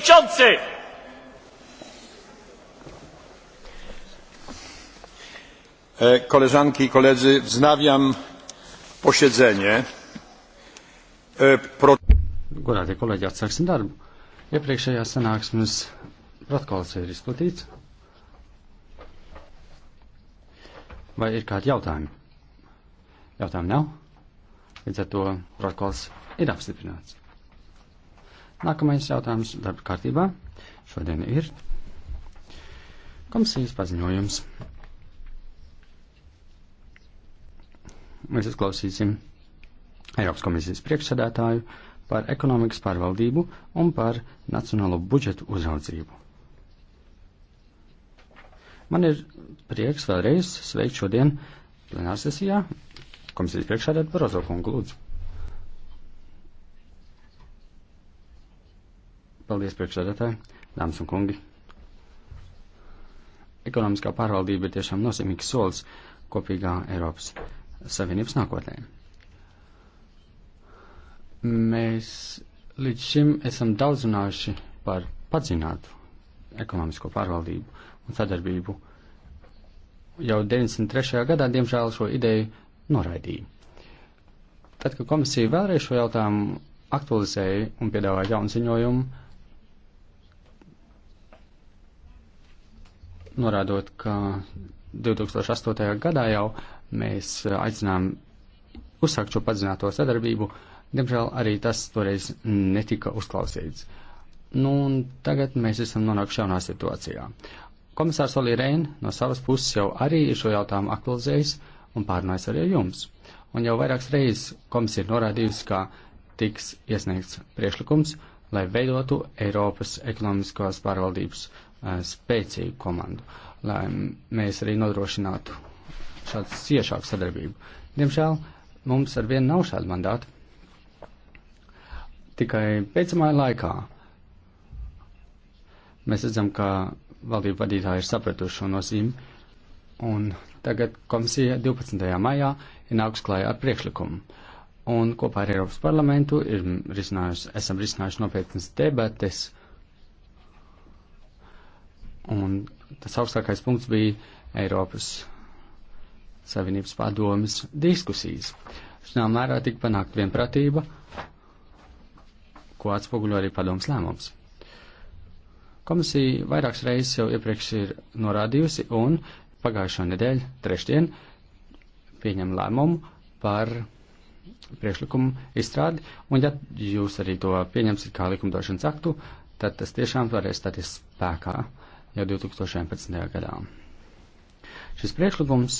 przewodniczący! E, koleżanki i koledzy, wznawiam posiedzenie. E, pro... Godātie kolēģi, atsāksim darbu. Iepriekšējā sanāksmes protokols ir izplatīts. Vai ir kādi jautājumi? Jautājumi nav. Līdz ar to protokols ir apstiprināts. Nākamais jautājums darba kārtībā šodien ir komisijas paziņojums. Mēs uzklausīsim Eiropas komisijas priekšsēdētāju par ekonomikas pārvaldību un par nacionālo budžetu uzraudzību. Man ir prieks vēlreiz sveikt šodien plenārsesijā komisijas priekšsēdētāju Barozo kungu lūdzu. Paldies priekšsēdētāji, dāmas un kungi. Ekonomiskā pārvaldība ir tiešām nozīmīgs solis kopīgā Eiropas Savienības nākotnē. Mēs līdz šim esam daudz runājuši par padzinātu ekonomisko pārvaldību un sadarbību. Jau 93. gadā, diemžēl, šo ideju noraidīja. Tad, kad komisija vēlreiz šo jautājumu aktualizēja un piedāvāja jaunu ziņojumu, norādot, ka 2008. gadā jau mēs aicinām uzsākt šo padzināto sadarbību, diemžēl arī tas toreiz netika uzklausīts. Nu, un tagad mēs esam nonākuši jaunā situācijā. Komisārs Olī Rein no savas puses jau arī šo jautājumu aktualizējis un pārnājis arī jums. Un jau vairākas reizes komisija ir norādījusi, ka tiks iesniegts priekšlikums, lai veidotu Eiropas ekonomiskās pārvaldības uh, spēcīgu komandu, lai mēs arī nodrošinātu šādu ciešāku sadarbību. Diemžēl mums ar vienu nav šādu mandātu. Tikai pēcamāja laikā mēs redzam, ka valdību vadītāji ir sapratuši šo nozīmi, un tagad komisija 12. maijā ir nākus klājā ar priekšlikumu. Un kopā ar Eiropas parlamentu ir risinājusi, esam risinājuši nopietnas debates Un tas augstākais punkts bija Eiropas Savienības padomas diskusijas. Šajā mērā tika panākt vienprātība, ko atspoguļo arī padomas lēmums. Komisija vairākas reizes jau iepriekš ir norādījusi un pagājušo nedēļu, trešdien, pieņem lēmumu par priekšlikumu izstrādi, un ja jūs arī to pieņemsiet kā likumdošanas aktu, tad tas tiešām varēs stāties spēkā jau 2011. gadā. Šis priekšlikums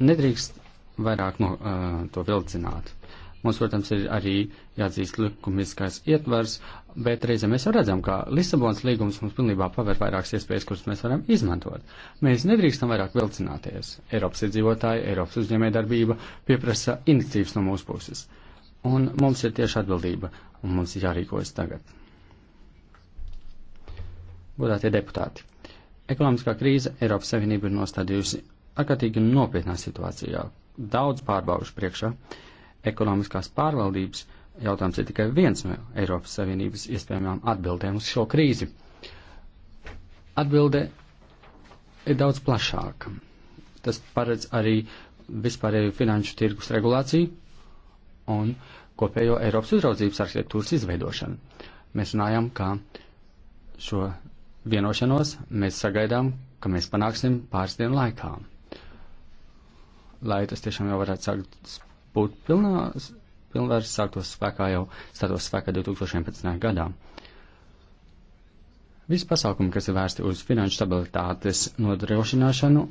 nedrīkst vairāk no, uh, to vilcināt. Mums, protams, ir arī jāatzīst likumiskais ietvers, bet reizē mēs jau redzam, ka Lisabonas līgums mums pilnībā paver vairākas iespējas, kuras mēs varam izmantot. Mēs nedrīkstam vairāk vilcināties. Eiropas iedzīvotāji, Eiropas uzņēmējdarbība pieprasa iniciatīvas no mūsu puses. Un mums ir tieši atbildība, un mums ir jārīkojas tagad. Godātie deputāti! Ekonomiskā krīze Eiropas Savienību ir nostādījusi ārkārtīgi nopietnā situācijā, daudz pārbaužu priekšā. Ekonomiskās pārvaldības jautājums ir tikai viens no Eiropas Savienības iespējamām atbildēm uz šo krīzi. Atbilde ir daudz plašāka. Tas paredz arī vispārēju finanšu tirgus regulāciju un kopējo Eiropas uzraudzības arhitektūras izveidošanu. Mēs runājam, ka šo Vienošanos mēs sagaidām, ka mēs panāksim pāris dienu laikā. Lai tas tiešām jau varētu sākt būt pilnā, pilnvērs sāktos spēkā jau stātos spēkā 2011. gadā. Visi pasākumi, kas ir vērsti uz finanšu stabilitātes nodrošināšanu,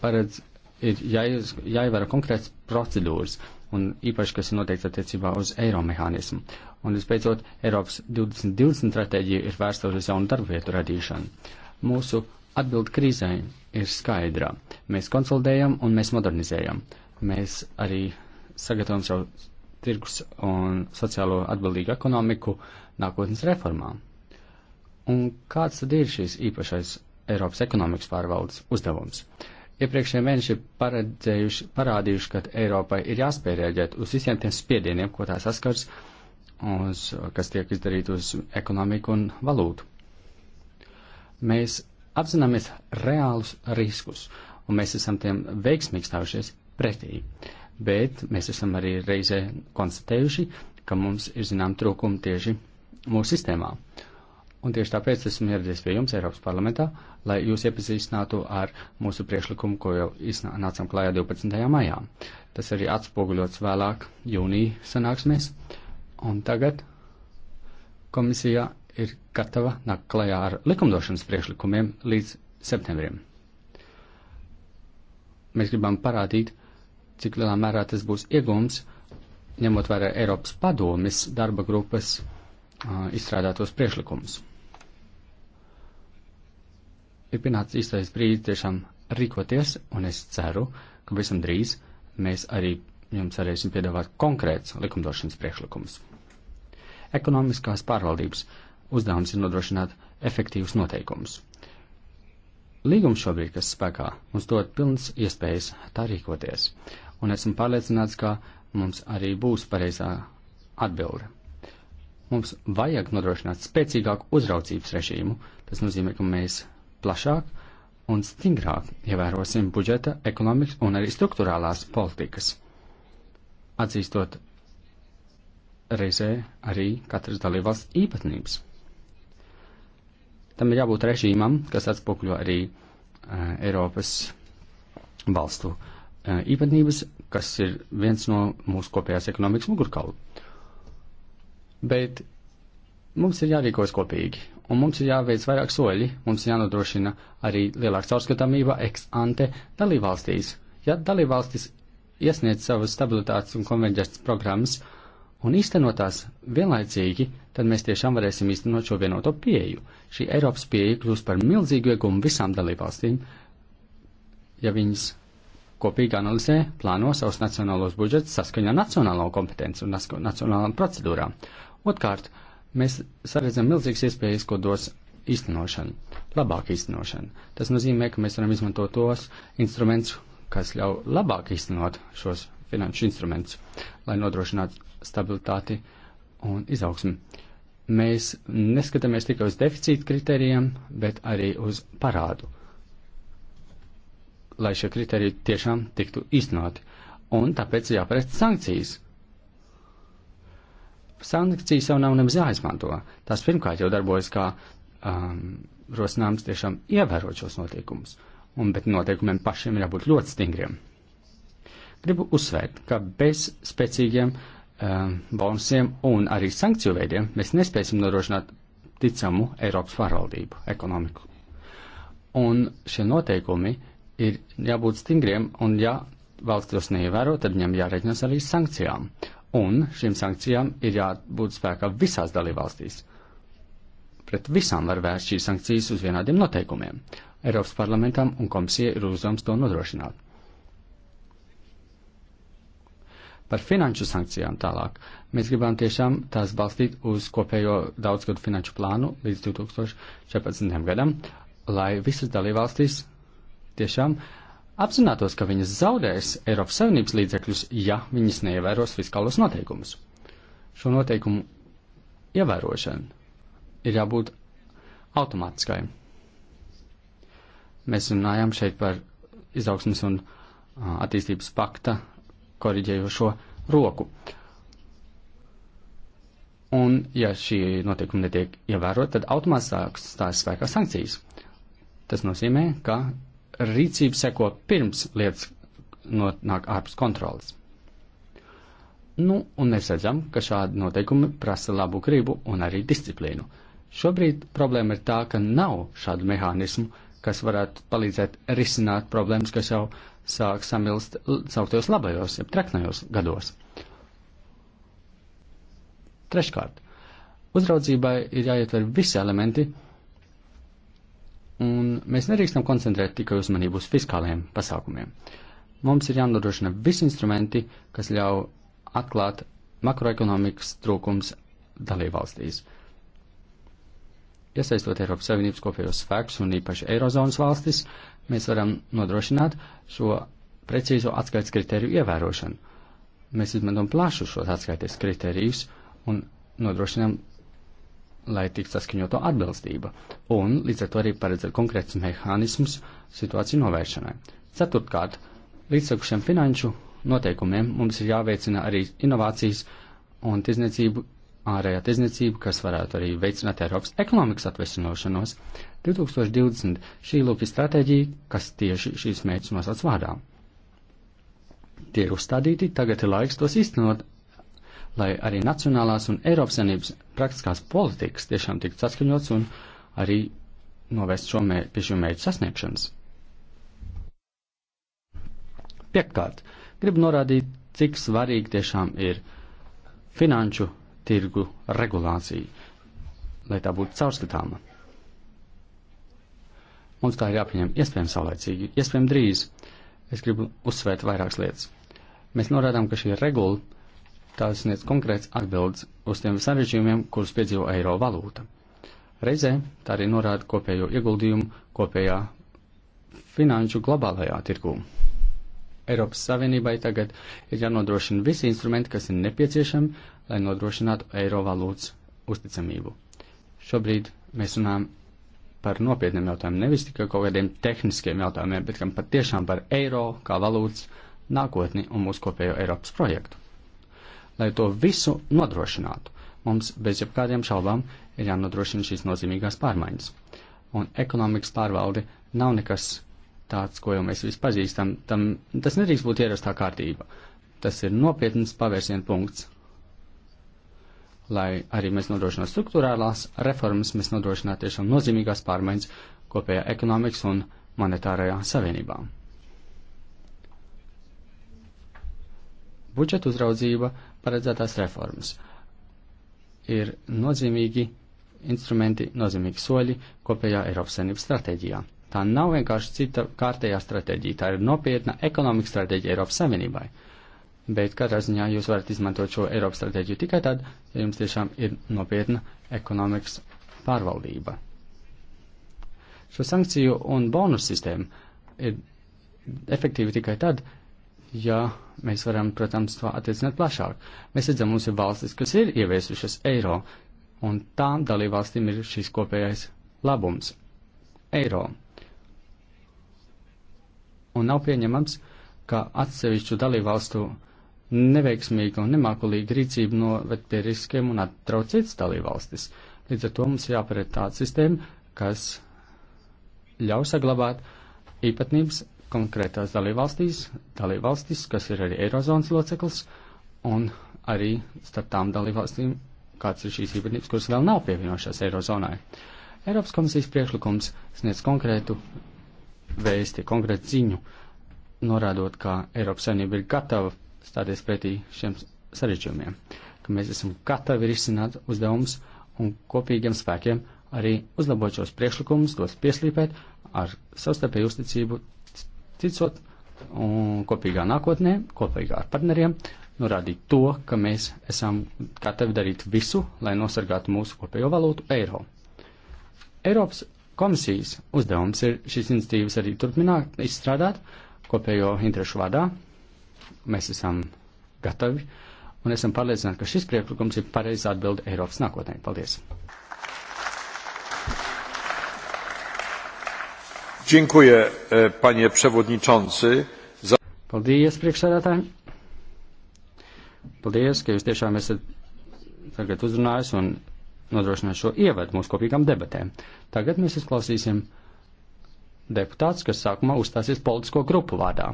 paredz ir jāievara konkrēts procedūras, un īpaši, kas ir noteikts attiecībā uz eiro mehānismu. Un, visbeidzot, Eiropas 2020 stratēģija ir vērsta uz jaunu darbvietu radīšanu. Mūsu atbildi krīzē ir skaidra. Mēs konsolidējam un mēs modernizējam. Mēs arī sagatavojam savu tirgus un sociālo atbildīgu ekonomiku nākotnes reformām. Un kāds tad ir šīs īpašais Eiropas ekonomikas pārvaldes uzdevums? Uh, Iepriekšējie mēneši paredzējuši, parādījuši, ka Eiropai ir jāspēj rēģēt uz visiem tiem spiedieniem, ko tā saskars, uz, kas tiek izdarīt uz ekonomiku un valūtu. Mēs apzināmies reālus riskus, un mēs esam tiem veiksmīgi stājušies pretī. Bet mēs esam arī reizē konstatējuši, ka mums ir zinām trūkumi tieši mūsu sistēmā. Un tieši tāpēc esmu ieradies pie jums Eiropas parlamentā, lai jūs iepazīstinātu ar mūsu priekšlikumu, ko jau iznācām klājā 12. maijā. Tas arī atspoguļots vēlāk jūnija sanāksmēs. Un tagad komisija ir gatava nākt klajā ar likumdošanas priekšlikumiem līdz septembrim. Mēs gribam parādīt, cik lielā mērā tas būs iegums, ņemot vērā Eiropas padomis darba grupas uh, izstrādātos priekšlikumus ir pienācis īstais brīdis tiešām rīkoties, un es ceru, ka visam drīz mēs arī jums varēsim piedāvāt konkrēts likumdošanas priekšlikums. Ekonomiskās pārvaldības uzdevums ir nodrošināt efektīvus noteikumus. Līgums šobrīd, kas spēkā, mums dod pilnas iespējas tā rīkoties, un esmu pārliecināts, ka mums arī būs pareizā atbilde. Mums vajag nodrošināt spēcīgāku uzraucības režīmu, tas nozīmē, ka mēs plašāk un stingrāk ievērosim budžeta, ekonomikas un arī struktūrālās politikas. Atzīstot reizē arī katras dalībvalsts īpatnības. Tam ir jābūt režīmam, kas atspūkļo arī uh, Eiropas valstu uh, īpatnības, kas ir viens no mūsu kopējās ekonomikas mugurkaula. Bet Mums ir jārīkojas kopīgi, un mums ir jāveic vairāk soļi, mums ir jānodrošina arī lielāka caurskatāmība ex ante dalībvalstīs. Ja dalībvalstis iesniedz savas stabilitātes un konvenģētas programmas un īstenotās vienlaicīgi, tad mēs tiešām varēsim īstenot šo vienoto pieeju. Šī Eiropas pieeja kļūs par milzīgu iegumu visām dalībvalstīm, ja viņas kopīgi analizē, plāno savus nacionālos budžetus saskaņā nacionālo kompetenci un nacionālām procedūrām. Otkārt, uh, mēs saredzam milzīgas iespējas, ko dos īstenošana, labāka īstenošana. Tas nozīmē, ka mēs varam izmantot tos instrumentus, kas ļauj labāk īstenot šos finanšu instrumentus, lai nodrošinātu stabilitāti un izaugsmi. Mēs neskatāmies tikai uz deficīta kritērijiem, bet arī uz parādu, lai šie kritēriji tiešām tiktu īstenoti. Un tāpēc jāparedz sankcijas sankcijas jau nav nemaz jāizmanto. Tās pirmkārt jau darbojas kā um, rosinājums tiešām ievērot šos notiekumus, un, bet noteikumiem pašiem ir jābūt ļoti stingriem. Gribu uzsvērt, ka bez spēcīgiem um, bonusiem un arī sankciju veidiem mēs nespēsim nodrošināt ticamu Eiropas pārvaldību, ekonomiku. Un šie noteikumi ir jābūt stingriem, un ja valsts tos neievēro, tad viņam jāreķinās arī sankcijām. Un šīm sankcijām ir jābūt spēkā visās dalībvalstīs. Pret visām var vērst šīs sankcijas uz vienādiem noteikumiem. Eiropas parlamentam un komisija ir uzdevums to nodrošināt. Par finanšu sankcijām tālāk. Mēs gribam tiešām tās balstīt uz kopējo daudzgadu finanšu plānu līdz 2014. gadam, lai visas dalībvalstīs tiešām uh, apzinātos, ka viņas zaudēs Eiropas Savienības līdzekļus, ja viņas neievēros fiskālos noteikumus. Šo noteikumu ievērošana ir jābūt automātiskai. Mēs runājam šeit par izaugsmas un attīstības pakta koriģējošo roku. Un, ja šī noteikuma netiek ievērota, tad automātiski stājas spēkā sankcijas. Tas nozīmē, ka rīcība seko pirms lietas nonāk ārpus kontrolas. Nu, un mēs redzam, ka šādi noteikumi prasa labu gribu un arī disciplīnu. Šobrīd problēma ir tā, ka nav šādu mehānismu, kas varētu palīdzēt risināt problēmas, kas jau sāk samilst sauktos labajos, jeb treknajos gados. Treškārt, uzraudzībai ir jāietver visi elementi, Un mēs nedrīkstam koncentrēt tikai uzmanību uz fiskāliem pasākumiem. Mums ir jānodrošina visi instrumenti, kas ļauj atklāt makroekonomikas trūkums dalībvalstīs. Iesaistot Eiropas Savienības kopējos spēkus un īpaši Eirozonas valstis, mēs varam nodrošināt šo precīzo atskaites kritēriju ievērošanu. Mēs izmantojam plašu šos atskaites kritērijus un nodrošinām lai tiktu saskaņoto atbilstība, un līdz ar to arī paredzēt konkrēts mehānismus situāciju novēršanai. Ceturtkārt, līdzsakušiem finanšu noteikumiem mums ir jāveicina arī inovācijas un tirzniecību, ārējā tirzniecība, kas varētu arī veicināt Eiropas ekonomikas atvesinošanos. 2020 šī lūk ir stratēģija, kas tieši šīs mērķus nosauc vārdā. Tie ir uzstādīti, tagad ir laiks tos īstenot lai arī nacionālās un Eiropas Savienības praktiskās politikas tiešām tiktu saskaņots un arī novest šo mērķu pie šī mērķa sasniegšanas. Piekārt, gribu norādīt, cik svarīgi tiešām ir finanšu tirgu regulācija, lai tā būtu caurskatāma. Mums tā ir jāpieņem iespējami saulēcīgi, iespējami drīz. Es gribu uzsvērt vairākas lietas. Mēs norādām, ka šī regula tās sniedz konkrēts atbildes uz tiem sarežģījumiem, kurus piedzīvo eiro valūta. Reizē tā arī norāda kopējo ieguldījumu kopējā finanšu globālajā tirgū. Eiropas Savienībai tagad ir jānodrošina visi instrumenti, kas ir nepieciešami, lai nodrošinātu eiro valūtas uzticamību. Šobrīd mēs runājam par nopietniem jautājumiem, nevis tikai kaut kādiem tehniskiem jautājumiem, bet gan patiešām par eiro kā valūtas nākotni un mūsu kopējo Eiropas projektu. Lai to visu nodrošinātu, mums bez jebkādiem šaubām ir jānodrošina šīs nozīmīgās pārmaiņas. Un ekonomikas pārvalde nav nekas tāds, ko jau mēs visi pazīstam. Tam, tas nedrīkst būt ierastā kārtība. Tas ir nopietns pavērsienu punkts, lai arī mēs nodrošinātu struktūrālās reformas, mēs nodrošinātu tiešām nozīmīgās pārmaiņas kopējā ekonomikas un monetārajā savienībā. Budžeta uzraudzība paredzētās reformas. Ir nozīmīgi instrumenti, nozīmīgi soļi kopējā Eiropas Savienības stratēģijā. Tā nav vienkārši cita kārtējā stratēģija, tā ir nopietna ekonomika stratēģija Eiropas Savienībai. Bet katrā ziņā jūs varat izmantot šo Eiropas stratēģiju tikai tad, ja jums tiešām ir nopietna ekonomikas pārvaldība. Šo sankciju un bonusu sistēmu ir efektīvi tikai tad, ja mēs varam, protams, to attiecināt plašāk. Mēs redzam, mums ir valstis, kas ir ieviesušas eiro, un tām dalībvalstīm ir šis kopējais labums - eiro. Un nav pieņemams, ka atsevišķu dalībvalstu neveiksmīga un nemākulīga rīcība noved pie riskiem un attrauc citas dalībvalstis. Līdz ar to mums jāparedz tāda sistēma, kas ļauj saglabāt īpatnības konkrētās dalībvalstīs, dalībvalstis, kas ir arī Eirozonas loceklis, un arī starp tām dalībvalstīm, kāds ir šīs īpatnības, kuras vēl nav pievienojušās Eirozonai. Eiropas komisijas priekšlikums sniedz konkrētu vēsti, konkrētu ziņu, norādot, ka Eiropas saimnība ir gatava stāties pretī šiem sarežģījumiem, ka mēs esam gatavi risināt uzdevumus un kopīgiem spēkiem arī uzlabot šos priekšlikumus, tos pieslīpēt ar savstarpēju uzticību Citsot, un kopīgā nākotnē, kopīgā ar partneriem, norādīt to, ka mēs esam gatavi darīt visu, lai nosargātu mūsu kopējo valūtu eiro. Eiropas komisijas uzdevums ir šīs institīvas arī turpināt izstrādāt kopējo interešu vadā. Mēs esam gatavi un esam pārliecināti, ka šis priekšlikums ir pareizā atbilde Eiropas nākotnē. Paldies! Dziękuję, e, panie przewodniczący. Za... Paldies, priekšsēdētāji. Paldies, ka jūs tiešām esat tagad uzrunājis un nodrošinājis šo ievadu mūsu kopīgām debatēm. Tagad mēs izklausīsim deputāts, kas sākumā uzstāsies politisko grupu vārdā.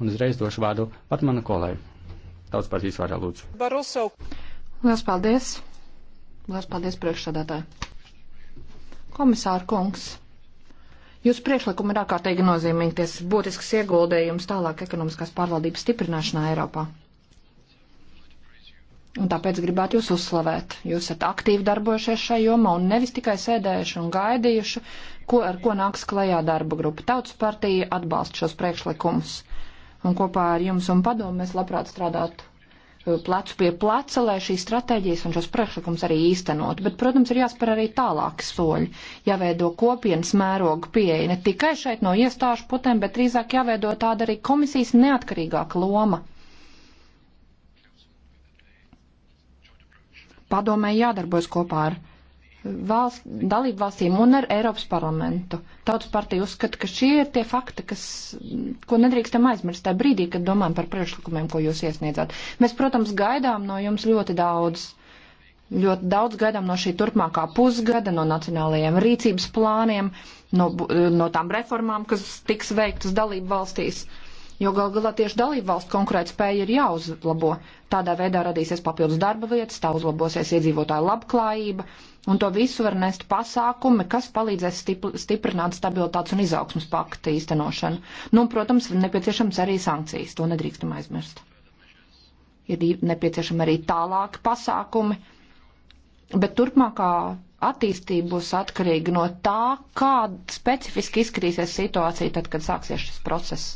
Un uzreiz došu vārdu pat mana kolai. Tautas partijas vārdā lūdzu. Baruso. Lielas paldies. Lielas paldies priekšsādātāji. Komisāra kungs. Jūsu priekšlikumi ir ārkārtīgi nozīmīgi, tas būtisks ieguldījums tālāk ekonomiskās pārvaldības stiprināšanā Eiropā. Un tāpēc gribētu jūs uzslavēt. Jūs esat aktīvi darbojušies šajā jomā un nevis tikai sēdējuši un gaidījuši, ko, ar ko nāks klajā darba grupa. Tautas partija atbalsta šos priekšlikumus. Un kopā ar jums un padomu mēs labprāt strādātu plecu pie pleca, lai šīs stratēģijas un šos priekšlikums arī īstenot. Bet, protams, ir jāspēr arī tālāk soļi, jāveido kopienas mēroga pieeja ne tikai šeit no iestāžu putēm, bet drīzāk jāveido tāda arī komisijas neatkarīgāka loma. Padomē jādarbojas kopā ar valst, dalību valstīm un ar Eiropas parlamentu. Tautas partija uzskata, ka šie ir tie fakti, kas, ko nedrīkstam aizmirst tajā brīdī, kad domājam par priekšlikumiem, ko jūs iesniedzāt. Mēs, protams, gaidām no jums ļoti daudz. Ļoti daudz gaidām no šī turpmākā pusgada, no nacionālajiem rīcības plāniem, no, no tām reformām, kas tiks veiktas dalību valstīs. Uh, jo gal galā tieši dalību valsts konkurēt spēja ir jāuzlabo. Tādā veidā radīsies papildus darba vietas, tā uzlabosies iedzīvotāju labklājība, un to visu var nest pasākumi, kas palīdzēs stiprināt stabilitātes un izaugsmas pakta īstenošanu. Nu, un, protams, nepieciešams arī sankcijas, to nedrīkstam aizmirst. Ir nepieciešami arī tālāki pasākumi, bet turpmākā attīstība būs atkarīga no tā, kāda specifiski izskatīsies situācija tad, kad sāksies šis process.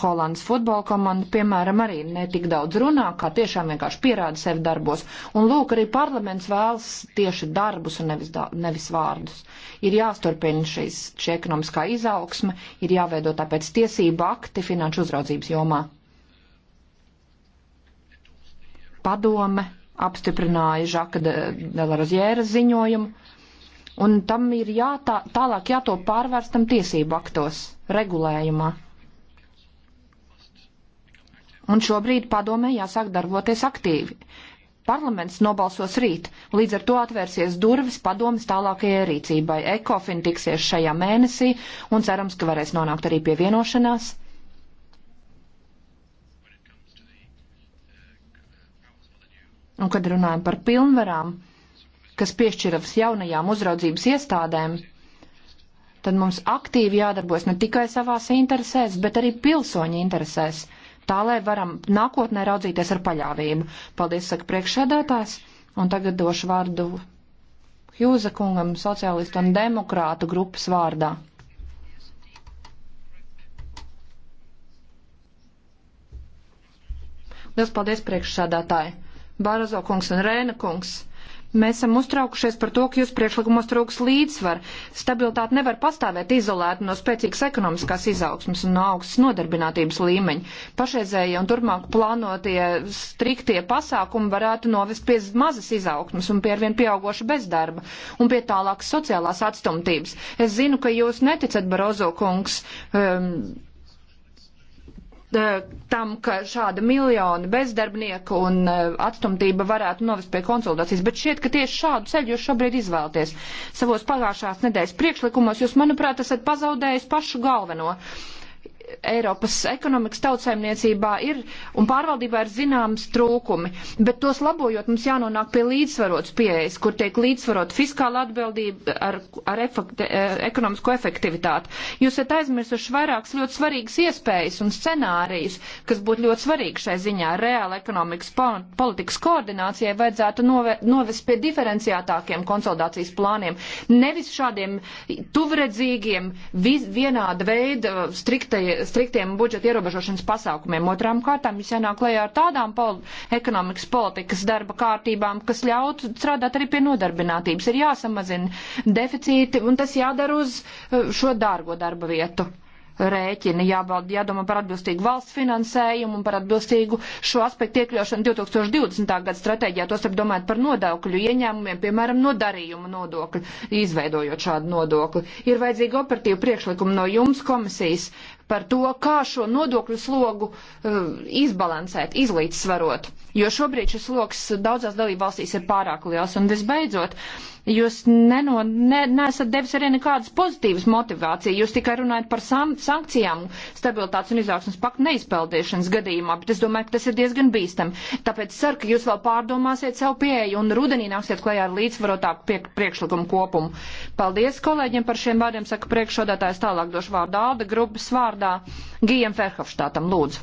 Holandas futbola komanda, piemēram, arī netik daudz runā, kā tiešām vienkārši pierāda sevi darbos. Un lūk, arī parlaments vēlas tieši darbus un nevis, da, nevis vārdus. Ir jāsturpina šīs, šī ekonomiskā izaugsme, ir jāveido tāpēc tiesība akti finanšu uzraudzības jomā. Padome apstiprināja Žaka Delarozjēra de ziņojumu, un tam ir jā, tā, tālāk jāto pārvērstam tiesību aktos, regulējumā. Un šobrīd padomē jāsāk darboties aktīvi. Parlaments nobalsos rīt, līdz ar to atvērsies durvis padomas tālākajai rīcībai. Ekofin tiksies šajā mēnesī un cerams, ka varēs nonākt arī pie vienošanās. Un kad runājam par pilnvarām, kas piešķiras jaunajām uzraudzības iestādēm, tad mums aktīvi jādarbojas ne tikai savās interesēs, bet arī pilsoņu interesēs tā lai varam nākotnē raudzīties ar paļāvību. Paldies, saka priekšsēdētājs, un tagad došu vārdu Hjūza kungam sociālistu un demokrātu grupas vārdā. Liels paldies priekšsādātāji! Barazo kungs un Rēna kungs! Mēs esam uztraukušies par to, ka jūs priekšlikumos trūks līdzsvar. Stabilitāte nevar pastāvēt izolēta no spēcīgas ekonomiskās izaugsmas un no augstas nodarbinātības līmeņa. Pašreizējie un turpmāk plānotie striktie pasākumi varētu novest pie mazas izaugsmas un pie arvien pieaugoša bezdarba un pie tālākas sociālās atstumtības. Es zinu, ka jūs neticat, Barozo kungs. Um, E, tam, ka šāda miljona bezdarbnieku un e, atstumtība varētu novest pie konsultācijas, bet šķiet, ka tieši šādu ceļu jūs šobrīd izvēlaties. Savos pagājušās nedēļas priekšlikumos jūs, manuprāt, esat pazaudējis pašu galveno. Uh, Eiropas ekonomikas tautsēmniecībā ir un pārvaldībā ir zināmas trūkumi, bet tos labojot mums jānonāk pie līdzsvarotas pieejas, kur tiek līdzsvarot fiskāla atbildība ar, ar efekti, e, ekonomisko efektivitāti. Jūs esat aizmirsuši vairākas ļoti svarīgas iespējas un scenārijus, kas būtu ļoti svarīgi šai ziņā. Reāla ekonomikas politikas koordinācijai vajadzētu nove, novest pie diferenciētākiem konsolidācijas plāniem, nevis šādiem tuvredzīgiem, viz, vienāda veida striktajiem striktiem budžeta ierobežošanas pasākumiem. Otrām kārtām jūs jānāk lejā ar tādām pol ekonomikas politikas darba kārtībām, kas ļautu strādāt arī pie nodarbinātības. Ir jāsamazina deficīti, un tas jādara uz eh, šo dārgo darba vietu rēķini, jābalda, jādomā par atbilstīgu valsts finansējumu un par atbilstīgu šo aspektu iekļaušanu 2020. gada stratēģijā, tos starp domājot par nodokļu ieņēmumiem, piemēram, no darījuma nodokļu, izveidojot šādu nodokli. Ir vajadzīga operatīva priekšlikuma no jums komisijas par to, kā šo nodokļu slogu eh, izbalansēt, izlīdzsvarot. Jo šobrīd šis sloks daudzās dalībvalstīs ir pārāk liels. Un visbeidzot, jūs neno, ne, nesat devis arī nekādas pozitīvas motivācijas. Jūs tikai runājat par san sankcijām stabilitātes un izaugsmas paktu neizpeldēšanas gadījumā, bet es domāju, ka tas ir diezgan bīstam. Tāpēc ceru, ka jūs vēl pārdomāsiet savu pieeju un rudenī nāksiet klajā ar līdzsvarotāku pie, priekšlikumu kopumu. Paldies kolēģiem par šiem vārdiem, saka priekšsodātājs tālāk došu vārdu Alda grupas vārdu vārdā Gijam Ferhofštātam. Lūdzu.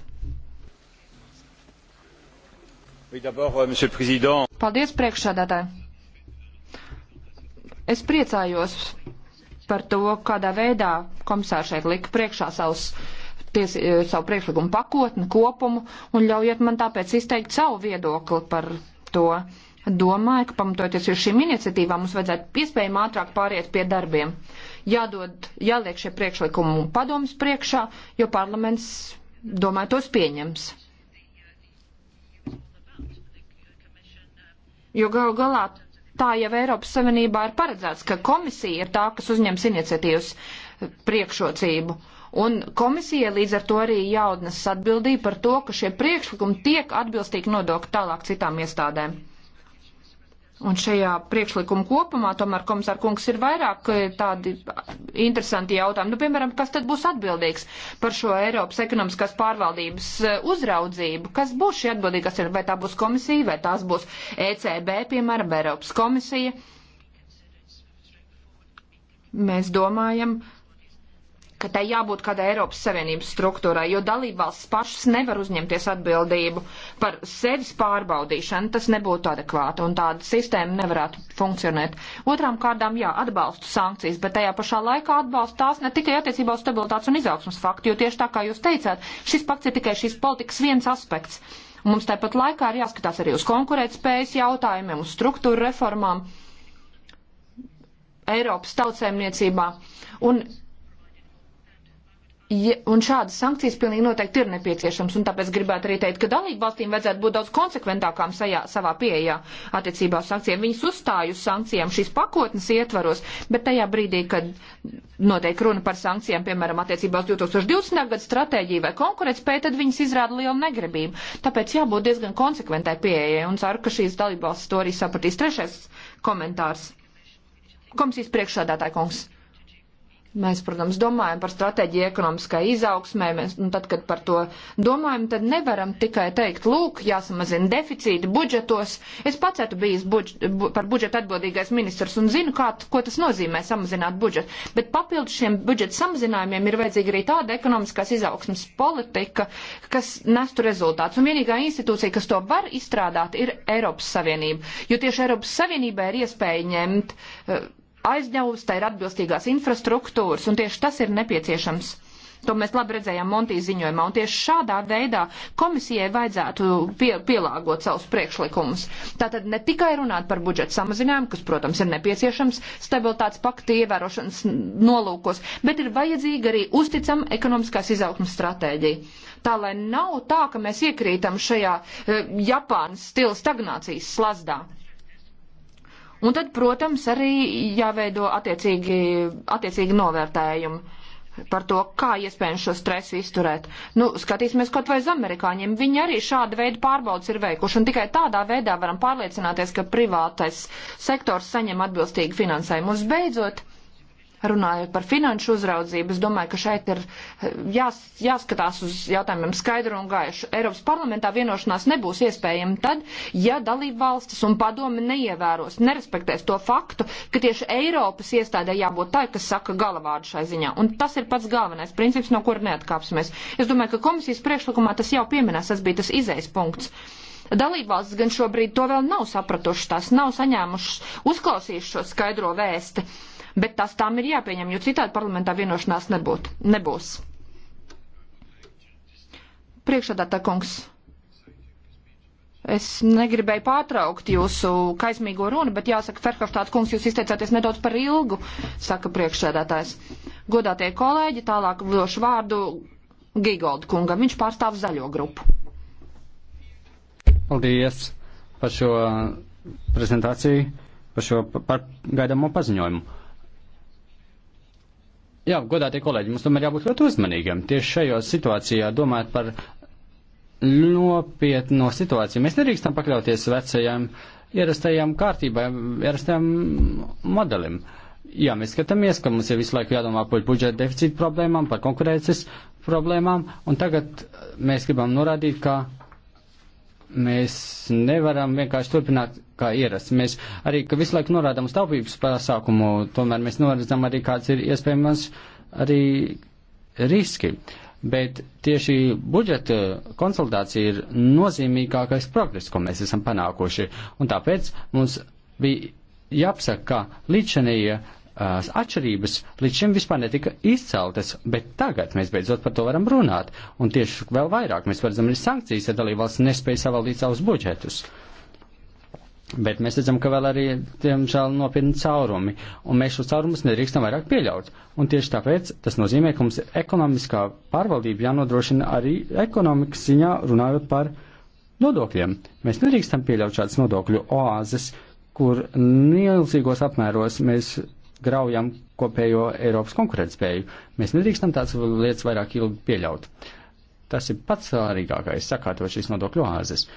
Euh, Paldies, priekšsādātāji. Es priecājos par to, kādā veidā komisārs šeit lika priekšā savus ties, eh, savu priekšlikumu pakotni, kopumu, un ļaujiet man tāpēc izteikt savu viedokli par to. Domāju, ka pamatoties uz šīm iniciatīvām mums vajadzētu iespējami ātrāk pāriet pie darbiem. Uh, jādod, jāliek šie priekšlikumi padomas priekšā, jo parlaments, domāju, tos pieņems. Jo gal galā tā jau Eiropas Savienībā ir paredzēts, ka komisija ir tā, kas uzņems iniciatīvas priekšrocību. Un komisija līdz ar to arī jaudnas atbildība par to, ka šie priekšlikumi tiek atbilstīgi nodokti tālāk citām iestādēm. Un šajā priekšlikuma kopumā tomēr komisāra kungs ir vairāk eh, tādi interesanti jautājumi. Nu, piemēram, kas tad būs atbildīgs par šo Eiropas ekonomiskās pārvaldības eh, uzraudzību? Kas būs šī atbildīgās? Vai tā būs komisija, vai tās būs ECB, piemēram, vai Eiropas komisija? Mēs domājam, uh, ka tai jābūt kādai Eiropas Savienības struktūrai, jo dalībvalsts pašas nevar uzņemties atbildību par sevis pārbaudīšanu, tas nebūtu adekvāti un tāda sistēma nevarētu funkcionēt. Otrām kārdām, jā, atbalstu sankcijas, bet tajā pašā laikā atbalstu tās ne tikai attiecībā uz stabilitātes un izaugsmas faktu, jo tieši tā kā jūs teicāt, šis pakts ir tikai šīs politikas viens aspekts. Mums tāpat laikā ir jāskatās arī uz konkurētspējas jautājumiem, uz struktūra reformām Eiropas tautsēmniecībā. Un Ja, un šādas sankcijas pilnīgi noteikti ir nepieciešams, un tāpēc gribētu arī teikt, ka dalību valstīm vajadzētu būt daudz konsekventākām sajā, savā pieejā attiecībā uz sankcijām. Viņas uzstāj uz sankcijām šīs pakotnes ietvaros, bet tajā brīdī, kad notiek runa par sankcijām, piemēram, attiecībā uz 2020. gadu stratēģiju vai konkurētspēju, tad viņas izrāda lielu negribību. Tāpēc jābūt diezgan konsekventai pieejai, un ceru, ka šīs dalību valstis to arī sapratīs. Trešais komentārs. Komisijas priekšsādātāja kungs. Mēs, protams, domājam par stratēģiju ekonomiskai izaugsmē, mēs, un tad, kad par to domājam, tad nevaram tikai teikt, lūk, jāsamazina deficīti budžetos. Es pats esmu bijis budž bu par budžetu atbildīgais ministrs un zinu, kā, ko tas nozīmē samazināt budžetu. Bet papildus šiem budžeta samazinājumiem ir vajadzīga arī tāda ekonomiskās izaugsmas politika, kas nestu rezultāts. Un vienīgā institūcija, kas to var izstrādāt, ir Eiropas Savienība. Jo tieši Eiropas Savienībā ir iespēja ņemt. Uh, aizņaus, tai ir atbilstīgās infrastruktūras, un tieši tas ir nepieciešams. To mēs labi redzējām Montī ziņojumā, un tieši šādā veidā komisijai vajadzētu pie, pielāgot savus priekšlikumus. Tātad ne tikai runāt par budžeta samazinājumu, kas, protams, ir nepieciešams stabilitātes pakti ievērošanas nolūkos, bet ir vajadzīga arī uzticama ekonomiskās izaugsmas stratēģija. Tā lai nav tā, ka mēs iekrītam šajā uh, Japānas stila stagnācijas slazdā. Un tad, protams, arī jāveido attiecīgi, attiecīgi novērtējumi par to, kā iespējams šo stresu izturēt. Nu, skatīsimies kaut vai uz amerikāņiem. Viņi arī šādu veidu pārbaudas ir veikuši, un tikai tādā veidā varam pārliecināties, ka privātais sektors saņem atbilstīgu finansējumu. Uzbeidzot, Runājot par finanšu uzraudzību, es domāju, ka šeit ir eh, jās, jāskatās uz jautājumiem skaidru un gaišu. Eiropas parlamentā vienošanās nebūs iespējama tad, ja dalība valstis un padomi neievēros, nerespektēs to faktu, ka tieši Eiropas iestādē jābūt tai, kas saka galavādu šai ziņā. Un tas ir pats galvenais princips, no kura neatkāpsimies. Es domāju, ka komisijas priekšlikumā tas jau pieminēts, tas bija tas izējas punkts. Dalībvalstis gan šobrīd to vēl nav sapratušas, tās nav saņēmušas, uzklausījušas šo skaidro vēstu bet tas tām ir jāpieņem, jo citādi parlamentā vienošanās nebūt, nebūs. Priekšādātā kungs. Es negribēju pārtraukt jūsu kaismīgo runu, bet jāsaka, Ferhofstāts kungs, jūs izteicāties nedaudz par ilgu, saka priekšsēdētājs. Godātie kolēģi, tālāk došu vārdu Gigolda kungam, viņš pārstāv zaļo grupu. Paldies par šo prezentāciju, par šo par gaidāmo paziņojumu. Jā, godātie kolēģi, mums tomēr jābūt ļoti uzmanīgiem. Tieši šajos situācijā domājot par nopietno situāciju. Mēs nedrīkstam pakļauties vecajām, ierastajām kārtībām, ierastajām modelim. Jā, mēs skatāmies, ka mums ir visu laiku jādomā par budžeta deficītu problēmām, par konkurences problēmām, un tagad mēs gribam norādīt, ka Mēs nevaram vienkārši turpināt kā ierasts. Mēs arī visu laiku norādām uz taupības pasākumu, tomēr mēs norādām arī, kāds ir iespējams arī riski. Bet tieši budžeta konsolidācija ir nozīmīgākais progress, ko mēs esam panākuši. Un tāpēc mums bija jāapsaka, ka līdšanīja atšķirības līdz šim vispār netika izceltas, bet tagad mēs beidzot par to varam runāt. Un tieši vēl vairāk mēs redzam arī sankcijas, ja dalībvalsts nespēja savaldīt savus budžetus. Bet mēs redzam, ka vēl arī, diemžēl, nopietni caurumi, un mēs šos caurumus nedrīkstam vairāk pieļaut. Un tieši tāpēc tas nozīmē, ka mums ekonomiskā pārvaldība jānodrošina arī ekonomikas ziņā runājot par nodokļiem. Mēs nedrīkstam pieļaut šādas nodokļu oāzes, kur milzīgos apmēros mēs graujam kopējo Eiropas konkurētspēju. Mēs nedrīkstam tādas lietas vairāk ilgi pieļaut. Tas ir pats svarīgākais, sakārtot šīs nodokļu oāzes.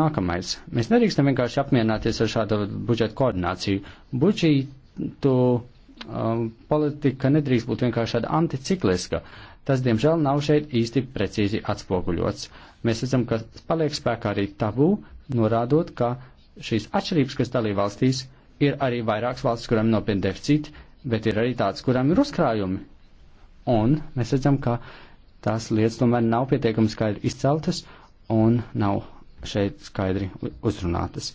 Nākamais. Mēs nedrīkstam vienkārši apmierināties ar šādu budžetu koordināciju. Budžetu um, politika nedrīkst būt vienkārši tāda anticikliska. Tas, diemžēl, nav šeit īsti precīzi atspoguļots. Mēs redzam, ka paliek spēkā arī tabū, norādot, ka šīs atšķirības, kas dalībvalstīs valstīs, Ir arī vairākas valsts, kurām nopietni deficīti, bet ir arī tādas, kurām ir uzkrājumi. Un mēs redzam, ka tās lietas tomēr nav pietiekami skaidri izceltas un nav šeit skaidri uzrunātas.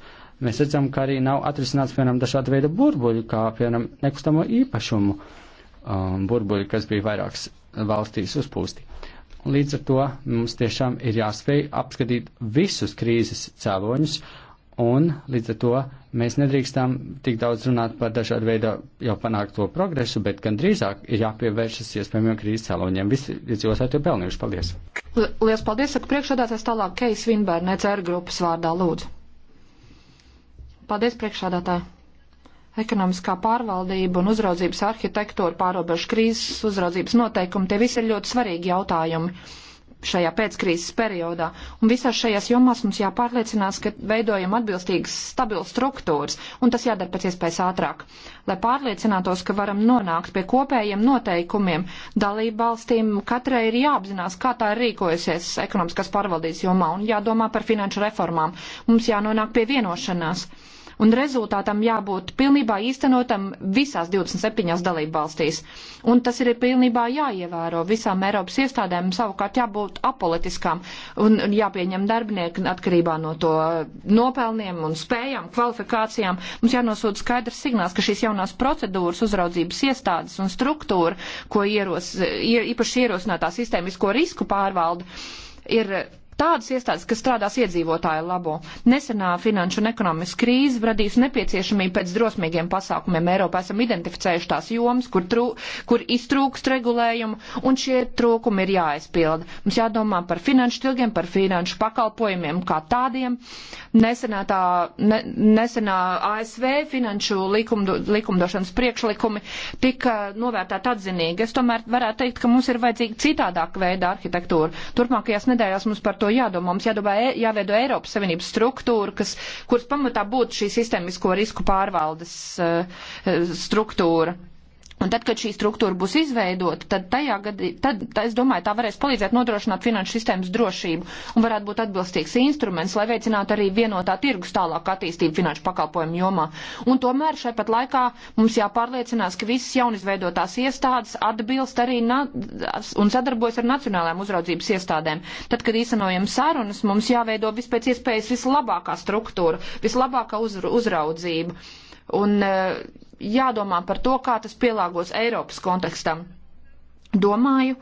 Mēs redzam, ka arī nav atrisināts, piemēram, dažāda veida burbuļi, kā, piemēram, nekustamo īpašumu um, burbuļi, kas bija vairākas valstīs uzpūsti. Līdz ar to mums tiešām ir jāspēj apskatīt visus krīzes cēloņus, uh, Un līdz ar to mēs nedrīkstam tik daudz runāt par dažādu veidu jau panākto progresu, bet gan drīzāk ir jāpievēršas iespējamiem krīzes cēloņiem. Visi iedzīvotāji to pelnījuši. Paldies! Lielas paldies! Saku priekšādātājs tālāk Keis Vinbērn, ECR grupas vārdā lūdzu. Paldies priekšādātāji! Ekonomiskā pārvaldība un uzraudzības arhitektūra, pārobežu krīzes uzraudzības noteikumi, tie visi ir ļoti svarīgi jautājumi šajā pēckrīzes periodā. Un visās šajās jomās mums jāpārliecinās, ka veidojam atbilstīgas, stabilas struktūras, un tas jādara pēc iespējas ātrāk, lai pārliecinātos, ka varam nonākt pie kopējiem noteikumiem. Dalība valstīm katrai ir jāapzinās, kā tā ir rīkojusies ekonomiskās pārvaldības jomā, un jādomā par finanšu reformām. Mums jānonāk pie vienošanās un rezultātam jābūt pilnībā īstenotam visās 27 dalību valstīs. Un tas ir pilnībā jāievēro visām Eiropas iestādēm, savukārt jābūt apolitiskām un jāpieņem darbinieki atkarībā no to nopelniem un spējām, kvalifikācijām. Mums jānosūta skaidrs signāls, ka šīs jaunās procedūras, uzraudzības iestādes un struktūra, ko ieros, īpaši ierosinātā sistēmisko risku pārvalda, ir tādas iestādes, kas strādās iedzīvotāju labo. Nesenā finanšu un ekonomikas krīze radīs nepieciešamību pēc drosmīgiem pasākumiem. Eiropā esam identificējuši tās jomas, kur, trū, kur iztrūkst regulējumu, un šie trūkumi ir jāaizpilda. Mums jādomā par finanšu tilgiem, par finanšu pakalpojumiem kā tādiem. Nesenā, tā, ne, nesenā ASV finanšu likumdo, likumdošanas priekšlikumi tika novērtēti atzinīgi. Es tomēr varētu teikt, ka mums ir vajadzīga citādāk veida arhitektūra. Turpmākajās nedēļās mums par to to jādomā. Mums jādomā, e, jāveido Eiropas Savienības struktūra, kas, kuras pamatā būtu šī sistēmisko risku pārvaldes eh, eh, struktūra. Un tad, kad šī struktūra būs izveidota, tad tajā gadī, tad, tā, es domāju, tā varēs palīdzēt nodrošināt finanšu sistēmas drošību un varētu būt atbilstīgs instruments, lai veicinātu arī vienotā tirgus tālāk attīstību finanšu pakalpojumu jomā. Un tomēr šai pat laikā mums jāpārliecinās, ka visas jaunizveidotās iestādes atbilst arī un sadarbojas ar nacionālajām uzraudzības iestādēm. Tad, kad īstenojam sarunas, mums jāveido vispēc iespējas vislabākā struktūra, vislabākā uz uzraudzība. Un, uh, jādomā par to, kā tas pielāgos Eiropas kontekstam. Domāju,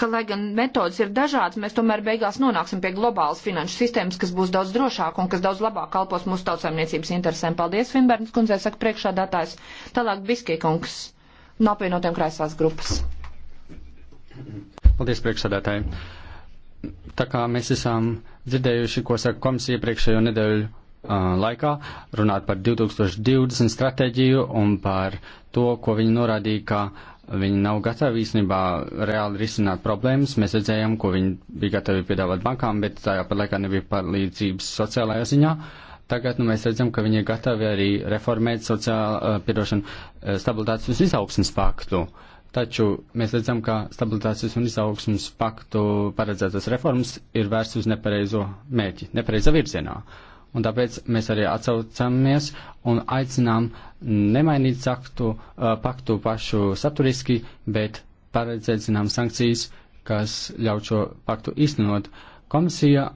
ka, lai gan metodas ir dažādas, mēs tomēr beigās nonāksim pie globālas finanšu sistēmas, kas būs daudz drošāka un kas daudz labāk kalpos mūsu tautsēmniecības interesēm. Paldies, Finbērns kundzei, saka priekšādātājs. Tālāk Biskija kungs no apvienotiem krēslās grupas. Paldies, priekšsādātāji. Tā kā mēs esam dzirdējuši, ko saka komisija priekšējo nedēļu laikā runāt par 2020 stratēģiju un par to, ko viņi norādīja, ka viņi nav gatavi īstenībā reāli risināt problēmas. Mēs redzējām, ko viņi bija gatavi piedāvāt bankām, bet tajā pat laikā nebija palīdzības sociālajā ziņā. Tagad nu, mēs redzam, ka viņi ir gatavi arī reformēt sociālu, piedošanu, stabilitātes uz izaugsmas paktu. Taču mēs redzam, ka stabilitātes un izaugsmas paktu paredzētas reformas ir vērsts uz nepareizo mērķi, nepareizā virzienā. Uh, Un tāpēc mēs arī atsaucamies un aicinām nemainīt saktu, uh, paktu pašu saturiski, bet paredzēt zinām sankcijas, kas ļauj šo paktu īstenot. Komisija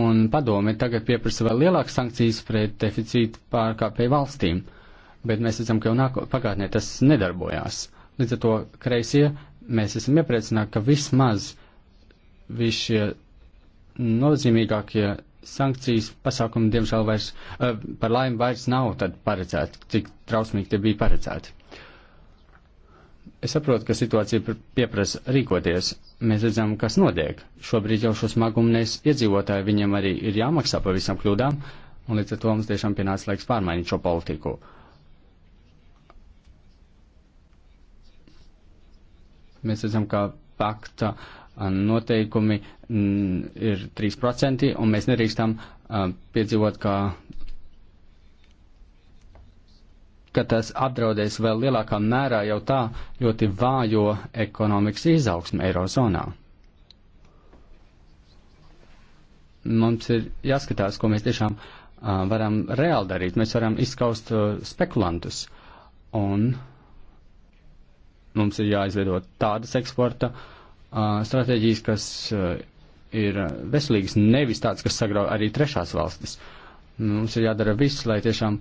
un padome tagad pieprasa vēl lielākas sankcijas pret deficītu pārkāpēju valstīm, bet mēs redzam, ka jau nāko, pagātnē tas nedarbojās. Līdz ar to kreisie mēs esam iepriecināti, ka vismaz visi šie nozīmīgākie sankcijas pasākumi, diemžēl, vairs, eh, par laimi vairs nav tad paredzēti, cik trausmīgi tie bija paredzēti. Es saprotu, ka situācija pieprasa rīkoties. Mēs redzam, kas notiek. Šobrīd jau šo smagumu nes iedzīvotāji, viņiem arī ir jāmaksā par visām kļūdām, un līdz ar to mums tiešām pienāca laiks pārmainīt šo politiku. Mēs redzam, ka pakta uh, noteikumi mm, ir 3%, un mēs nedrīkstam piedzīvot, ka, ka tas apdraudēs vēl lielākā mērā jau tā ļoti vājo ekonomikas izaugsmu Eirozonā. Mums ir jāskatās, ko mēs tiešām varam reāli darīt. Mēs varam izskaust spekulantus. Un mums ir jāizveido tādas eksporta uh, stratēģijas, kas ir veselīgas, nevis tādas, kas sagrauj arī trešās valstis. Nu, mums ir jādara viss, lai tiešām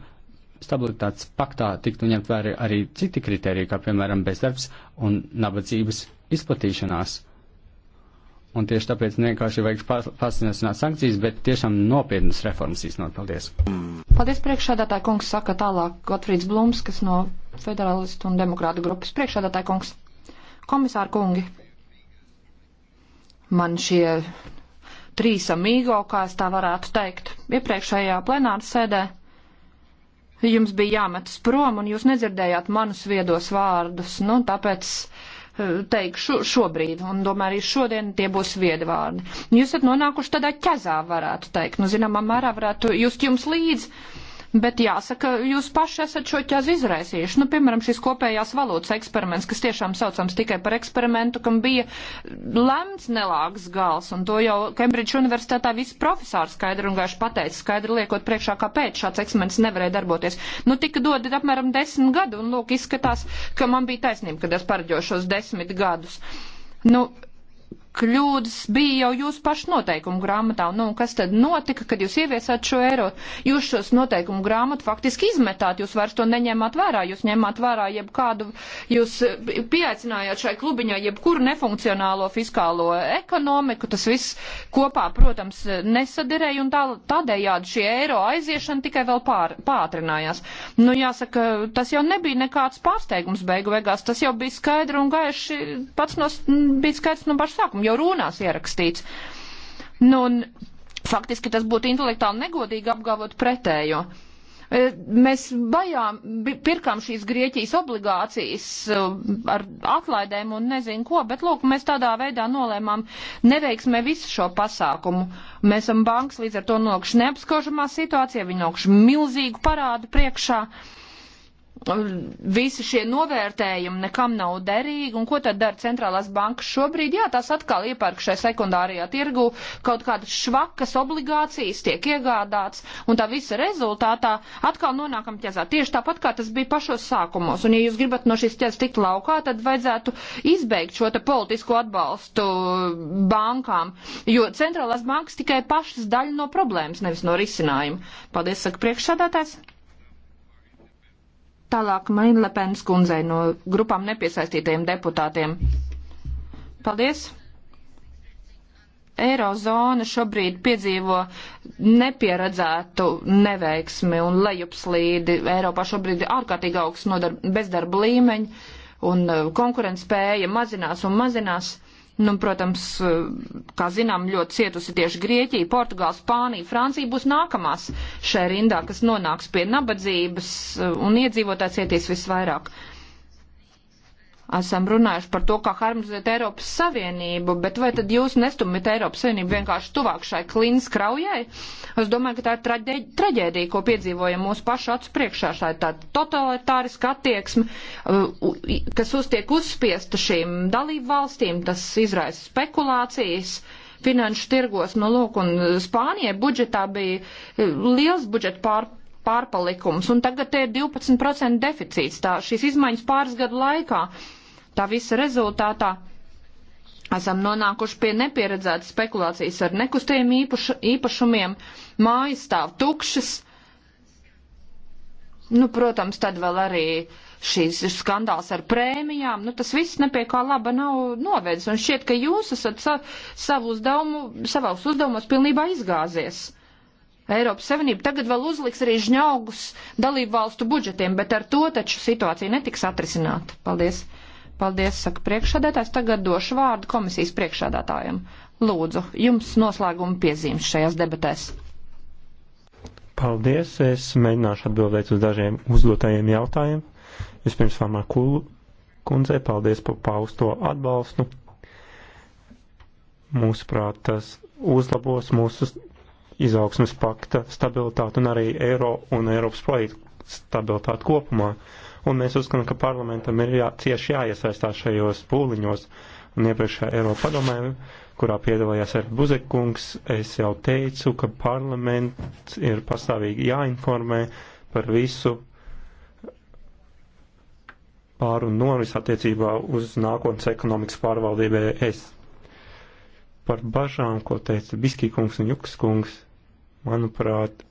stabilitātes paktā tiktu ņemt vērā arī citi kriteriji, kā piemēram bezdarbs un nabadzības izplatīšanās. Un tieši tāpēc vienkārši vajag pasināt sankcijas, bet tiešām nopietnas reformas īstenot. Paldies! Paldies priekšādātāja kungs, saka tālāk Gotfrīds Blums, kas no Federalistu un Demokrāta grupas priekšādātāja kungs. Komisāra kungi, man šie trīs amīgo, kā es tā varētu teikt, iepriekšējā plenāra sēdē. Jums bija jāmetas prom, un jūs nedzirdējāt manus viedos vārdus, nu, tāpēc eh, teikšu šobrīd, un domāju, arī šodien tie būs viedvārdi. Jūs esat nonākuši tādā ķezā, varētu teikt, nu, zināmā mērā varētu just jums līdzi bet jāsaka, jūs paši esat šo ķēzi izraisījuši. Nu, piemēram, šis kopējās valūtas eksperiments, kas tiešām saucams tikai par eksperimentu, kam bija lemts nelāgs gals, un to jau Kembridžas universitātā visi profesori skaidri un gaiši pateica, skaidri liekot priekšā, kāpēc šāds eksperiments nevarēja darboties. Nu, tika dodi apmēram desmit gadu, un lūk, izskatās, ka man bija taisnība, kad es pareģošos desmit gadus. Nu, kļūdas bija jau jūsu pašu noteikumu grāmatā. Nu, kas tad notika, kad jūs ieviesāt šo eiro? Jūs šos noteikumu grāmatu faktiski izmetāt, jūs vairs to neņēmāt vērā, jūs ņēmāt vērā jebkādu, jūs pieaicinājāt šai klubiņā jebkuru nefunkcionālo fiskālo ekonomiku, tas viss kopā, protams, nesadirēja un tā, tādējādi šī eiro aiziešana tikai vēl pār, pātrinājās. Nu, jāsaka, tas jau nebija nekāds pārsteigums beigu beigās, tas jau bija skaidri un gaiši, pats no, bija skaidrs no paša sākuma jau runās ierakstīts. Nu, un faktiski tas būtu intelektuāli negodīgi apgalvot pretējo e, mēs bajām, pirkām šīs Grieķijas obligācijas e, ar atlaidēm un nezinu ko, bet lūk, mēs tādā veidā nolēmām neveiksmē visu šo pasākumu. Mēs esam bankas līdz ar to nokši neapskaužamā situācijā, viņi nokši milzīgu parādu priekšā. Uh, visi šie novērtējumi nekam nav derīgi, un ko tad dara centrālās bankas šobrīd? Jā, tās atkal iepērk šai sekundārajā tirgu, kaut kādas švakas obligācijas tiek iegādāts, un tā visa rezultātā atkal nonākam ķezā. Tieši tāpat kā tas bija pašos sākumos, un ja jūs gribat no šīs ķezas tikt laukā, tad vajadzētu izbeigt šo te politisko atbalstu bankām, jo centrālās bankas tikai pašas daļa no problēmas, nevis no risinājuma. Paldies, saka priekšsādātājs. Tālāk Marina Lepens kundzei no grupām nepiesaistītajiem deputātiem. Paldies! Eirozona šobrīd piedzīvo nepieredzētu neveiksmi un lejupslīdi. Eiropā šobrīd ir ārkārtīgi augsts bezdarba līmeņi un uh, konkurence spēja mazinās un mazinās. Nu, protams, eh, kā zinām, ļoti cietusi tieši Grieķija, Portugāla, Spānija, Francija būs nākamās šai rindā, kas nonāks pie nabadzības eh, un iedzīvotāji cietīs visvairāk esam runājuši par to, kā harmonizēt Eiropas Savienību, bet vai tad jūs nestumjat Eiropas Savienību vienkārši tuvāk šai klīnas kraujai? Es domāju, ka tā ir traģē, traģēdija, ko piedzīvojam mūsu pašu acu priekšā. Tā ir tāda totalitāriska attieksme, kas uztiek uzspiesta šīm dalību valstīm, tas izraisa spekulācijas. Finanšu tirgos, nu lūk, un Spānijai budžetā bija e, liels budžeta pār, pārpalikums, un tagad te ir 12% deficīts. Tā šīs izmaiņas pāris gadu laikā Tā visa rezultātā esam nonākuši pie nepieredzētas spekulācijas ar nekustiem īpaš, īpašumiem, mājas stāv tukšas. Nu, protams, tad vēl arī šīs skandāls ar prēmijām, nu tas viss nepie kā laba nav novēdz. Un šķiet, ka jūs esat sa savu uzdevumu, savās uzdevumos pilnībā izgāzies. Eiropas Savienība tagad vēl uzliks arī žņaugus dalību valstu budžetiem, bet ar to taču situācija netiks atrisināta. Paldies! Paldies, saka priekšsādātājs. Tagad došu vārdu komisijas priekšsādātājiem. Lūdzu, jums noslēguma piezīmes šajās debatēs. Paldies, es mēģināšu atbildēt uz dažiem uzdotajiem jautājumiem. Vispirms Vamā Kulu kundzei, paldies par pausto atbalstu. Mūsuprāt, tas uzlabos mūsu izaugsmes pakta stabilitāti un arī eiro un Eiropas projektu stabilitāti kopumā. Uh, un mēs uzskatām, ka parlamentam ir jā, cieši jāiesaistās šajos pūliņos. Un iepriekšējā Eiropa padomē, kurā piedalījās ar Buzekungs, es jau teicu, ka parlaments ir pastāvīgi jāinformē par visu pāru un noris attiecībā uz nākotnes ekonomikas pārvaldībai es. Par bažām, ko teica Biskīkungs un Jukskungs, manuprāt,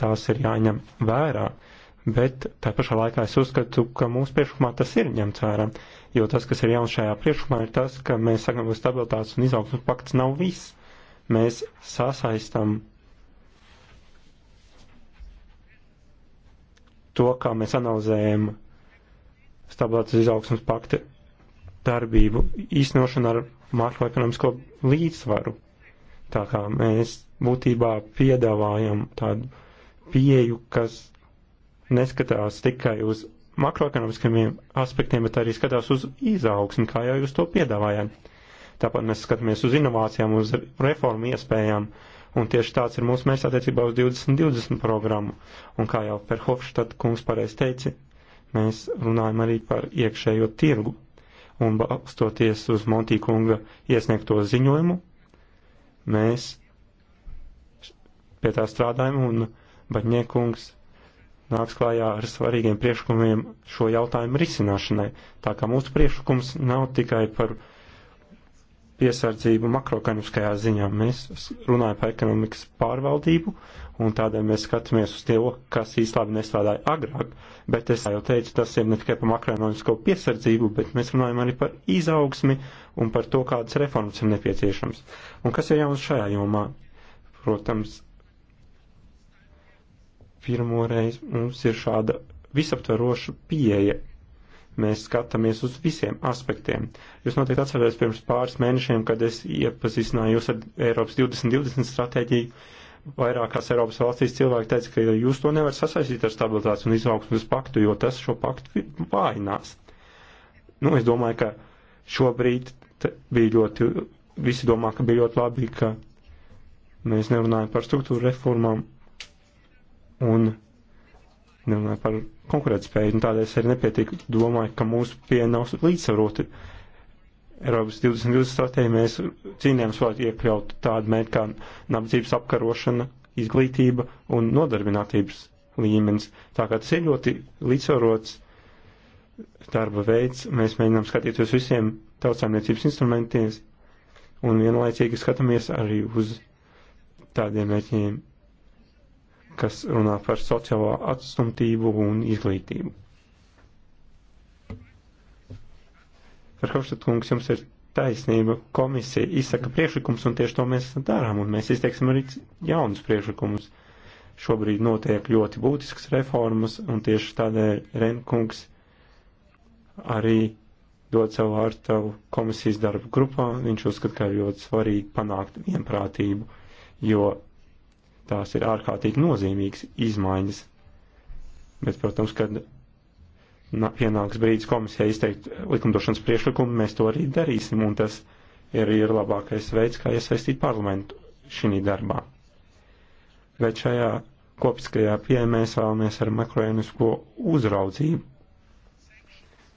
tās ir jāņem vērā. Uh, bet tā pašā laikā es uzskatu, ka mūsu priekšlikumā tas ir ņemts vērā, jo tas, kas ir jauns šajā priekšlikumā, ir tas, ka mēs sakam, ka stabilitātes un izaugsmas pakts nav viss. Mēs sasaistam to, kā mēs analizējam stabilitātes izaugsmas pakta darbību īstenošanu ar makroekonomisko līdzsvaru. Tā kā mēs būtībā piedāvājam tādu pieju, kas neskatās tikai uz makroekonomiskiem aspektiem, bet arī skatās uz izaugsmi, kā jau jūs to piedāvājāt. Tāpat mēs skatāmies uz inovācijām, uz reformu iespējām, un tieši tāds ir mūsu mērķis attiecībā uz 2020 programmu. Un kā jau Ferhofštad kungs pareiz teica, mēs runājam arī par iekšējo tirgu. Un balstoties uz Montīkunga iesniegto ziņojumu, mēs pie tā strādājam, un Baņiekungs nāks klājā ar svarīgiem priekšlikumiem šo jautājumu risināšanai. Tā kā mūsu priekšlikums nav tikai par piesardzību makroekonomiskajā ziņā, mēs runājam par ekonomikas pārvaldību, un tādēļ mēs skatāmies uz to, kas īstenībā nestrādāja agrāk, bet es jau teicu, tas ir ne tikai par makroekonomisko piesardzību, bet mēs runājam arī par izaugsmi un par to, kādas reformas ir nepieciešams. Un kas ir jauns šajā jomā? Protams, pirmo reizi mums ir šāda visaptveroša pieeja. Mēs skatāmies uz visiem aspektiem. Jūs noteikti atceraties pirms pāris mēnešiem, kad es iepazīstināju jūs ar Eiropas 2020 stratēģiju. Vairākās Eiropas valstīs cilvēki teica, ka jūs to nevar sasaistīt ar stabilitātes un izaugsmas paktu, jo tas šo paktu vājinās. Nu, es domāju, ka šobrīd bija ļoti, visi domā, ka bija ļoti labi, ka mēs nerunājam par struktūru reformām, un nerunāja par konkurētspēju. Un tādēļ es arī nepietiek domāju, ka mūsu pieeja nav līdzsvaroti. Eiropas 2020 stratēģija mēs cīnījāmies, lai iekļautu tādu mērķu kā nabadzības apkarošana, izglītība un nodarbinātības līmenis. Tā kā tas ir ļoti līdzsvarots darba veids, mēs mēģinām skatīties visiem tautsāmniecības instrumentiem un vienlaicīgi skatāmies arī uz tādiem mērķiem kas runā par sociālo atstumtību un izglītību. Verhofstadt kungs, jums ir taisnība, komisija izsaka priekšlikums, un tieši to mēs darām, un mēs izteiksim arī jaunus priekšlikumus. Šobrīd notiek ļoti būtiskas reformas, un tieši tādēļ Renkungs arī dod savu vārtavu komisijas darbu grupā. Viņš uzskata, ka ir ļoti svarīgi panākt vienprātību, jo Tās ir ārkārtīgi nozīmīgas izmaiņas. Bet, protams, kad pienāks brīdis komisijai izteikt likumdošanas priešlikumu, mēs to arī darīsim, un tas ir, ir labākais veids, kā iesaistīt parlamentu šī darbā. Bet šajā kopiskajā pieeja mēs vēlamies ar makroēnisko uzraudzību.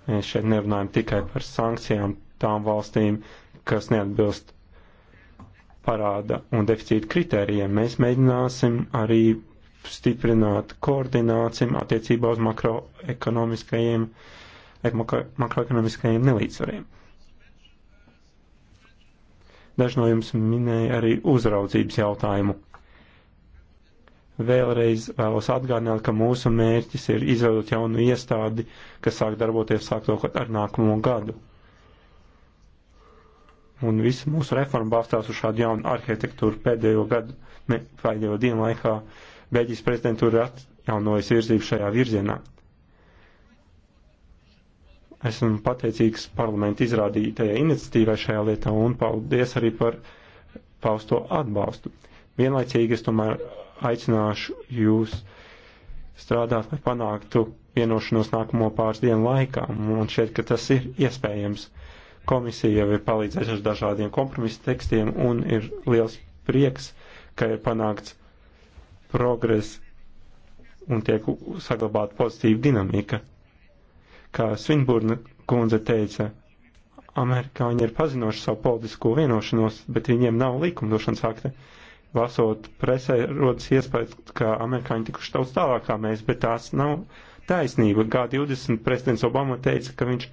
Mēs šeit nerunājam tikai par sankcijām tām valstīm, kas neatbilst parāda un deficīta kritērijiem. Mēs mēģināsim arī stiprināt koordināciju attiecībā uz makroekonomiskajiem, makroekonomiskajiem nelīdzsvariem. Daži no jums minēja arī uzraudzības jautājumu. Vēlreiz vēlos atgādināt, ka mūsu mērķis ir izveidot jaunu iestādi, kas sāk darboties sākot ar nākamo gadu. Un visa mūsu reforma balstās uz šādu jaunu arhitektūru pēdējo gadu, ne, pēdējo dienu laikā Beļģijas prezidentūra atjaunojas virzību šajā virzienā. Esmu pateicīgs parlamentu izrādītajai iniciatīvai šajā lietā un paldies arī par pausto atbalstu. Vienlaicīgi es tomēr aicināšu jūs strādāt, lai panāktu vienošanos nākamo pāris dienu laikā, un šķiet, ka tas ir iespējams. Komisija jau ir palīdzējusi ar dažādiem kompromisu tekstiem un ir liels prieks, ka ir panākts progress un tiek saglabāta pozitīva dinamika. Kā Svinburna kundze teica, amerikāņi ir pazinoši savu politisko vienošanos, bet viņiem nav likumdošanas akta. Lasot presē, rodas iespējas, ka amerikāņi tikuši daudz tālāk kā mēs, bet tās nav taisnība. G20 prezidents Obama teica, ka viņš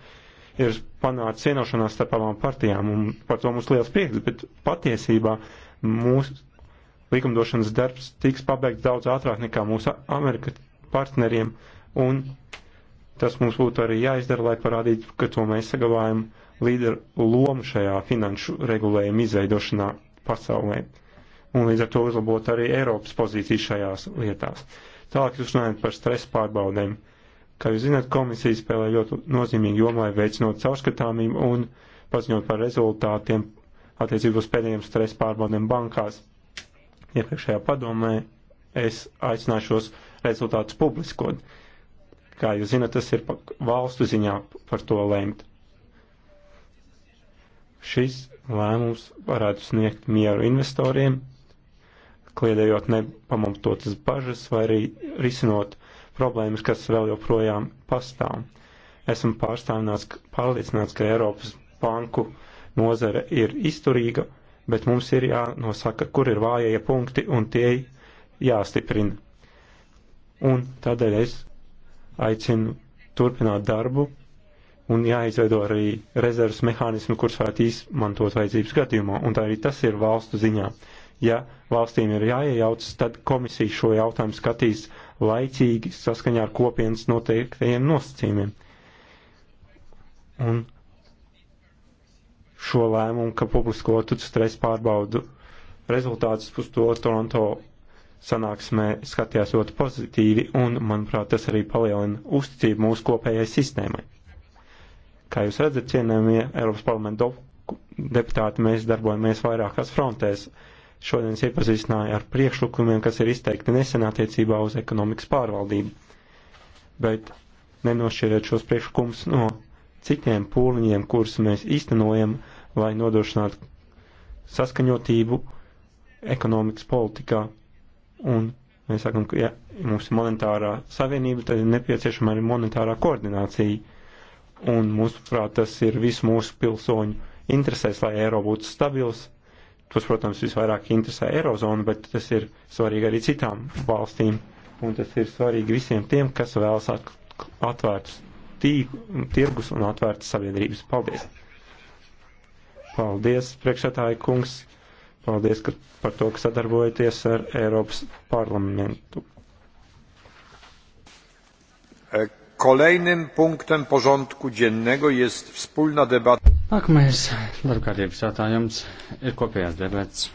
ir panāca vienošanās starp abām partijām, un par to mums liels prieks, bet patiesībā mūsu likumdošanas darbs tiks pabeigts daudz ātrāk nekā mūsu Amerika partneriem, un tas mums būtu arī jāizdara, lai parādītu, ka to mēs saglabājam līderu lomu šajā finanšu regulējuma izveidošanā pasaulē, un līdz ar to uzlabot arī Eiropas pozīciju šajās lietās. Tālāk jūs runājat par stresa pārbaudēm. Uh, Kā jūs zināt, komisija spēlē ļoti nozīmīgu jomu, lai veicinātu caurskatāmību un paziņot par rezultātiem attiecībā uz pēdējiem stresa pārbaudēm bankās. Iepriekšējā padomē es aicināju šos rezultātus publiskot. Kā jūs zināt, tas ir valstu ziņā par to lemt. Šis lēmums varētu sniegt mieru investoriem, kliedējot nepamatotas bažas vai arī risinot uh, problēmas, kas vēl joprojām pastāv. Esmu pārliecināts, ka Eiropas banku nozare ir izturīga, bet mums ir jānosaka, kur ir vājie punkti un tie jāstiprina. Un tādēļ es aicinu turpināt darbu un jāizveido arī rezerves mehānismi, kurus varētu izmantot vajadzības gadījumā, un tā arī tas ir valstu ziņā. Ja valstīm ir jāiejaucas, tad komisija šo jautājumu skatīs laicīgi saskaņā ar kopienas noteiktajiem nosacījumiem. Un šo lēmumu, ka publiskotu stresa pārbaudu rezultātus uz to Toronto sanāksmē skatījās ļoti pozitīvi, un, manuprāt, tas arī palielina uzticību mūsu kopējai sistēmai. Kā jūs redzat, cienējamie Eiropas parlamenta deputāti, mēs darbojamies vairākās frontēs šodien es iepazīstināju ar priekšlikumiem, kas ir izteikti nesen attiecībā uz ekonomikas pārvaldību. Bet nenošķiriet šos priekšlikumus no citiem pūliņiem, kurus mēs īstenojam, lai nodrošinātu saskaņotību ekonomikas politikā. Un mēs sakam, ka ja mums ir monetārā savienība, tad ir nepieciešama arī monetārā koordinācija. Un mūsuprāt, tas ir visu mūsu pilsoņu interesēs, lai eiro būtu stabils tos, protams, visvairāk interesē Eirozona, bet tas ir svarīgi arī citām valstīm, un tas ir svarīgi visiem tiem, kas vēlas atvērtus tirgus un atvērtas sabiedrības. Paldies! Paldies, priekšētāji kungs! Paldies ka par to, ka sadarbojaties ar Eiropas parlamentu. Kolejnym punktem porządku dziennego jest wspólna debata. Nākamais darbkārtības jautājums ir kopējās debats